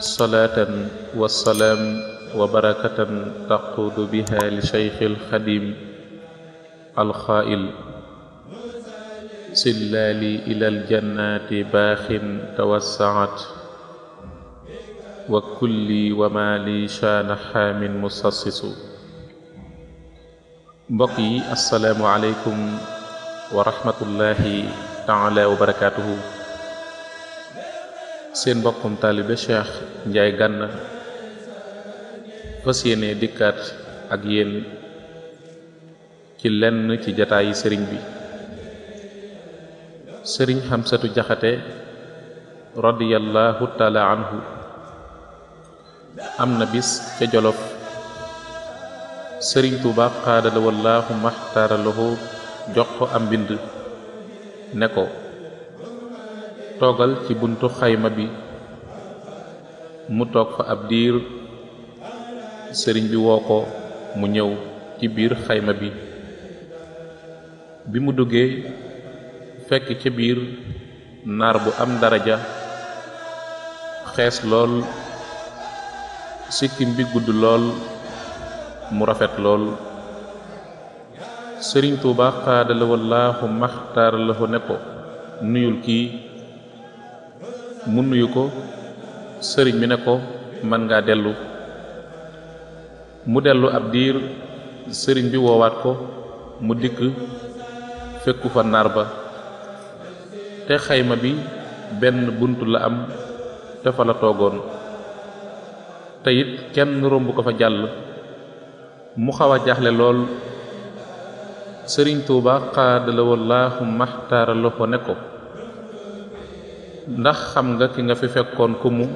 salaatan wa salaam wa barakatan taquudu biha li Shaykhil Xadim alxaa'il sillaali ilal jannaati baaxin tawassaat wa kulli wa maa li shaana xaamin musassisu mbokk yi asalaamu aleykum wa rahmatullahi taala wa barakaatuhu seen mbokkum taalibe Cheikh Ndiaye Gana fas yéene dikkaat ak yéen ci lenn ci jataayi sëriñ bi sëriñ Xamsatu Jaxate radiyallahu taala anhu am na bis ca Jolof sëriñ Tuubaa xaadala wallaahu maxtaaralahu jox ko am mbind ne ko toogal ci buntu xayma bi mu toog fa ab diir sëriñ bi woo ko mu ñëw ci biir xayma bi bi mu duggee fekk ca biir naar bu am daraja xees lool sikkim bi gudd lool mu rafet lool sëriñ Tuuba xaadala wallaahu maxtaar la ko ne ko nuyul kii mu nuyu ko sëriñ bi ne ko mën ngaa dellu mu dellu ab diir sëriñ bi woowaat ko mu dikk fekku fa naar ba te xayma bi benn bunt la am te fa toogoon te it kenn romb ko fa jàll mu xaw a jaaxle lool sëriñ Tuuba xaadala wallaahu maxtaara loxo ne ko ndax xam nga ki nga fi fekkoon ku mu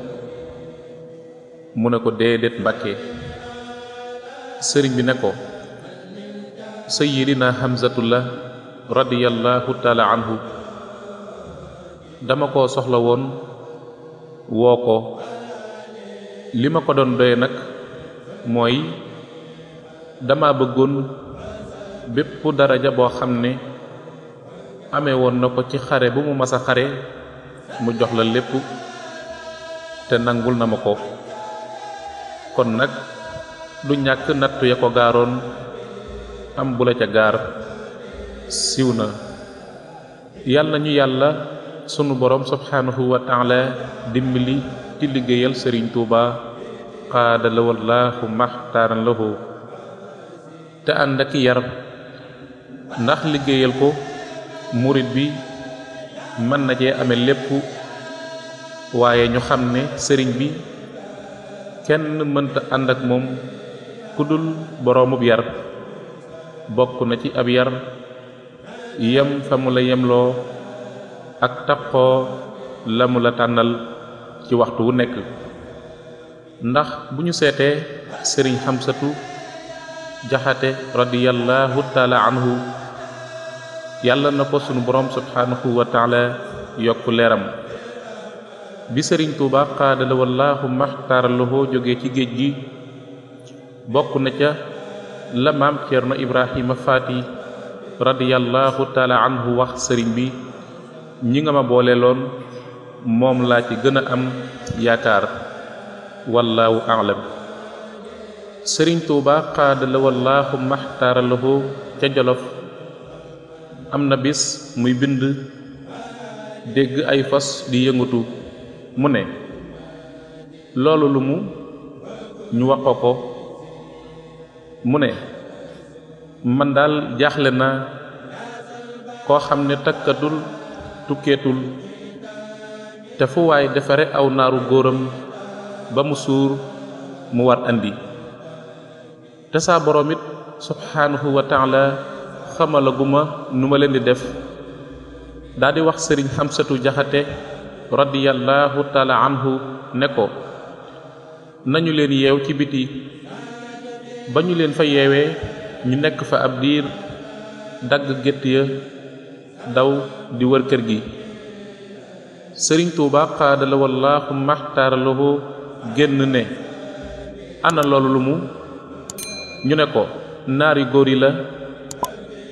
mu ne ko déedéet Mbàkke sëriñ bi ne ko sayyidina Hamzatullah radiyallahu taala anhu dama ko soxla woon woo ko li ma ko doon doye nag mooy dama bëggoon bépp ja boo xam ne amee woon na ko ci xare bu mu mas a xare mu jox la lépp te nangul na ma ko kon nag du ñàkk nattu ya ko gaaroon am bu la ca gaar siiw na yàlla ñu yàlla sunu borom subhaanahu wa taala dimbali ci liggéeyal sëriñ tuuba xaada la wallaahu maxtaaran lahu te ànd ak yar ndax liggéeyal ko murit bi mën na cee ame lépp waaye ñu xam ne sëriñ bi kenn mënta ànd ak moom ku dul boroomub yar bokk na ci ab yar yem fa mu la yemloo ak tappoo la mu la tànnal ci waxtu wu nekk ndax bu ñu seetee sëriñ xamsatu jaxate radiyallahu taala anhu yàlla na ko sunu borom subhanahu wa taala yokk leeram bi sëriñ tuuba xaadala wallaahu maxtaaraloxoo jóge ci géej gi bokk na ca la maam ceerno ibrahima faati radiyallahu taala anhu wax sëriñ bi ñi nga ma boole loon moom laa ci gën a am yaakaar wallaahu aalam sëriñ tuuba xaadala wallaahu maxtaaraloxoo ca jolof am na bis muy bind dégg ay fas di yëngatu mu ne loolu lu mu ñu wax ko mu ne man daal jaaxle na koo xam ne takkatul tukkeetul te fu waay defare aw naaru góoram ba mu suur mu war indi te saa boroom it subhaanahu wa xamalaguma nu ma leen di def daldi wax sëriñ xamsatu jaxate radiyallahu taala anhu ne ko nañu leen yeew ci biti ba ñu leen fa yeewee ñu nekk fa ab diir dagg gétt ya daw di wër kër gi sëriñ tuuba xaadala wallaahu maxtaaralahu génn ne ana loolu lu mu ñu ne ko naari góor yi la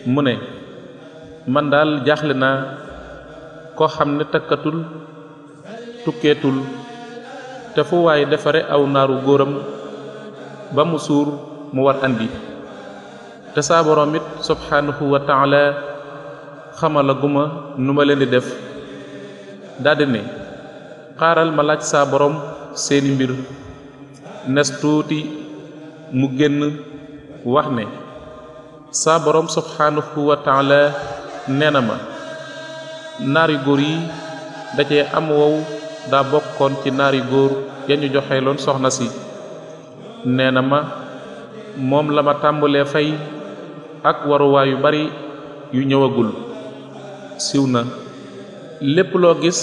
mu ne man daal jaaxle naa koo xam ne takkatul tukkeetul te fu waay defare aw naaru góoram ba mu suur mu war andi te saa boroom it subhaanahu wa xamalaguma nu ma leen di def daldi ne xaaral ma laaj saa boroom seeni mbir nes tuuti mu génn wax ne saa borom subhanahu wa taala nee na ma naari góor yi da am wow daa bokkoon ci naari góor ya ñu joxe loon soxna si nee na ma moom la ma tàmbalee fay ak waruwaay yu bari yu ñëwagul siw na lépp loo gis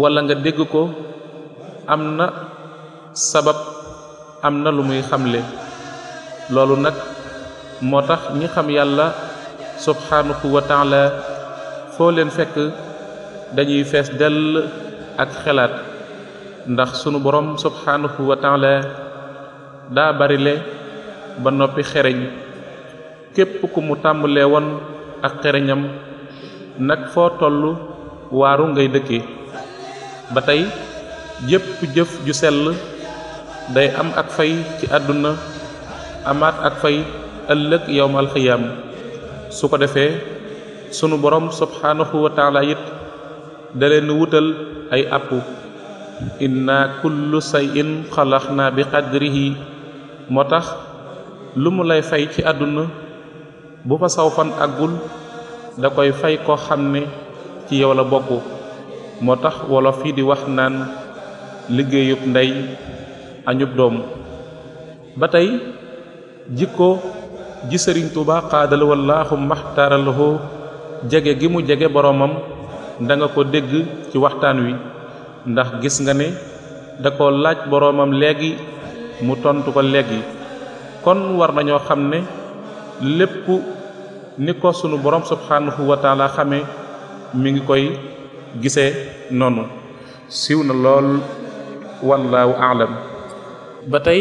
walla nga dégg ko am na sabab am na lu muy xamle loolu nag moo tax ñi xam yàlla subhanahu wa taala foo leen fekk dañuy fees dell ak xelaat ndax sunu borom subhanahu wa taala daa barile ba noppi xereñ képp ku mu tàmbalee woon ak xereñam nag foo tollu waaru ngay dëkke ba tey jëpp jëf ju sell day am ak fay ci àdduna amaat ak fay ëllëg yowmal xiyaam su ko defee sunu boroom subhaanahu wa it da leen wutal ay àpp inna kullu sayin xalaxna bi yi moo tax lu mu lay fay ci àdduna bu fa saw fan àggul da koy fay koo xam ne ci yow la bokk moo tax wolof yi di wax naan liggéeyub ndey añub doom ba tey jikko ji sëriñ tuuba xaadal wallaahu maxtaaral lahu jege gi mu jege boroomam da ko dégg ci waxtaan wi ndax gis nga ne da ko laaj boromam léegi mu tontu ko léegi kon war nañoo xam ne lépp ni ko sunu borom subhanahu wa taala xamee mi ngi koy gise noonu siiw na lool wallaahu aalam ba tey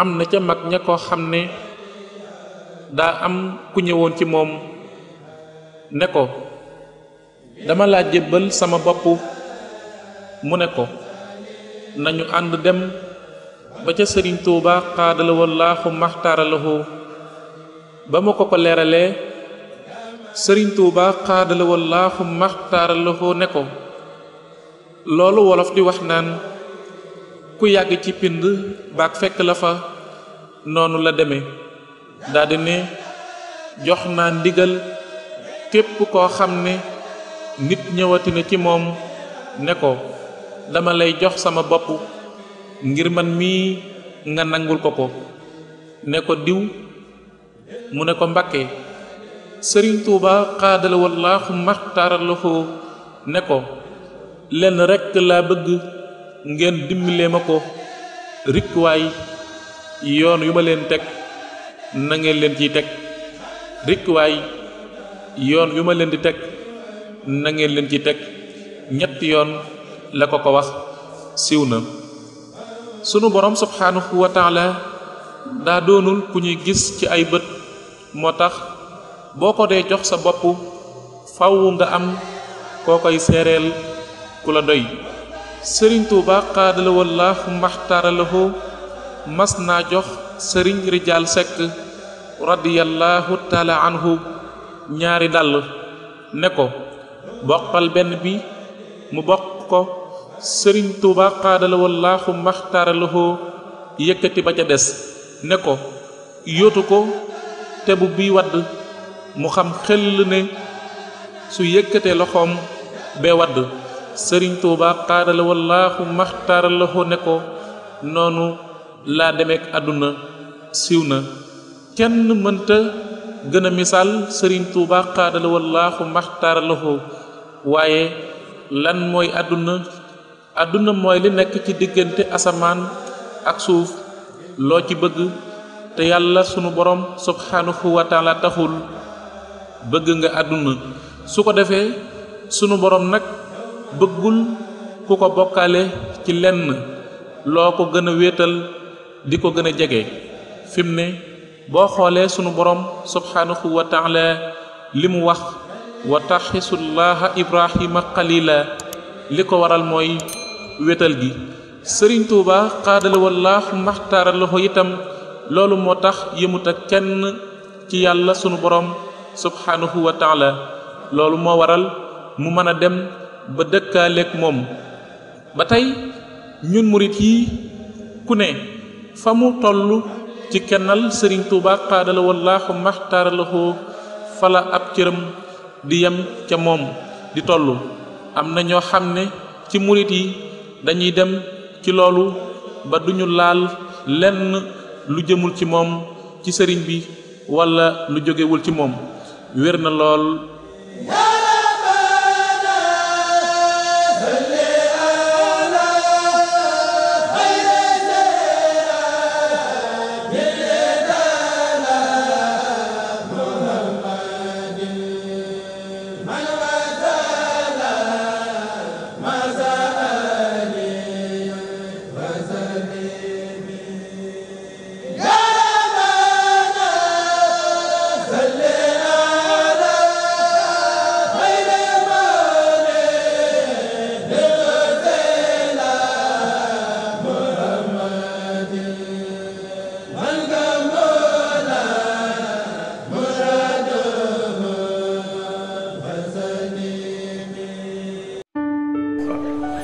am na ca mag ña koo xam ne daa am ku ñëwoon ci moom ne ko dama laa jébbal sama bopp mu ne ko nañu ànd dem ba ca sëriñ tuuba xaadala wallaahu maxtaaralahu ba ma ko ko leeralee sëriñ tuuba xaadala wallaahu maxtaaralahu ne ko loolu wolof di wax naan ku yàgg ci pind baak fekk la fa noonu la deme daal ne jox naa ndigal képp koo xam ne nit ñëwati ci moom ne ko dama lay jox sama bopp ngir man mii nga nangul ko ko ne ko diw mu ne ko Mbàkke sëriñ Tuuba xaadala wallaahu maxtaaral loxo ne ko lenn rekk laa bëgg ngeen dimbalee ma ko rikkuwaay yoon yu ma leen teg nangeen leen ciy teg rikk yoon yu ma leen di teg nangeen ngeen leen ciy teg ñetti yoon la ko ko wax siw na sunu boroom subhaanahu wa taala daa doonul ku ñuy gis ci ay bët moo tax boo ko dee jox sa bopp faw nga am koo koy seereel ku la doy sëriñ tuuba xaadala wallaahu maxtaaralahu mas naa jox sëriñ rijaal sekk radiyallahu taala ñaari dàll ne ko boqal benn bi mu bokk ko sëriñ tuuba xaadala wallaahu maxtaaralahu yëkkati ba ca des ne ko yóotu ko te bi wadd mu xam xel ne su yëkkatee loxoom bee wadd sëriñ tuuba xaadala wallaahu maxtaaralahu ne ko noonu laa demeek àdduna siiw na kenn mënta gën a misaal sëriñ tuuba xaadala wallaahu maxtaara waaye lan mooy àdduna àdduna mooy li nekk ci diggante asamaan ak suuf loo ci bëgg te yàlla sunu borom subhanahu wa taala taxul bëgg nga àdduna su ko defee sunu borom nag bëggul ku ko bokkaale ci lenn loo ko gën wéetal di ko gën a jege fim ne boo xoolee sunu boroom subhanahu wa li mu wax wa taxisullaha ibrahima qalila li ko waral mooy wétal gi sëriñ tuuba xaadala wallaahu maxtaara loxo itam loolu moo tax yëmut ak kenn ci yàlla sunu boroom subhanahu wa taala loolu moo waral mu mën a dem ba dëkkaaleeg moom ba tey ñun murit yi ku ne fa mu toll ci kennal sëriñ tuuba xaadala wallaahu maxtaaralahu fala ab cëram di yem ca moom di tollu am na ñoo xam ne ci murit yi dañuy dem ci loolu ba duñu laal lenn lu jëmul ci moom ci sëriñ bi wala lu jógewul ci moom wér na lool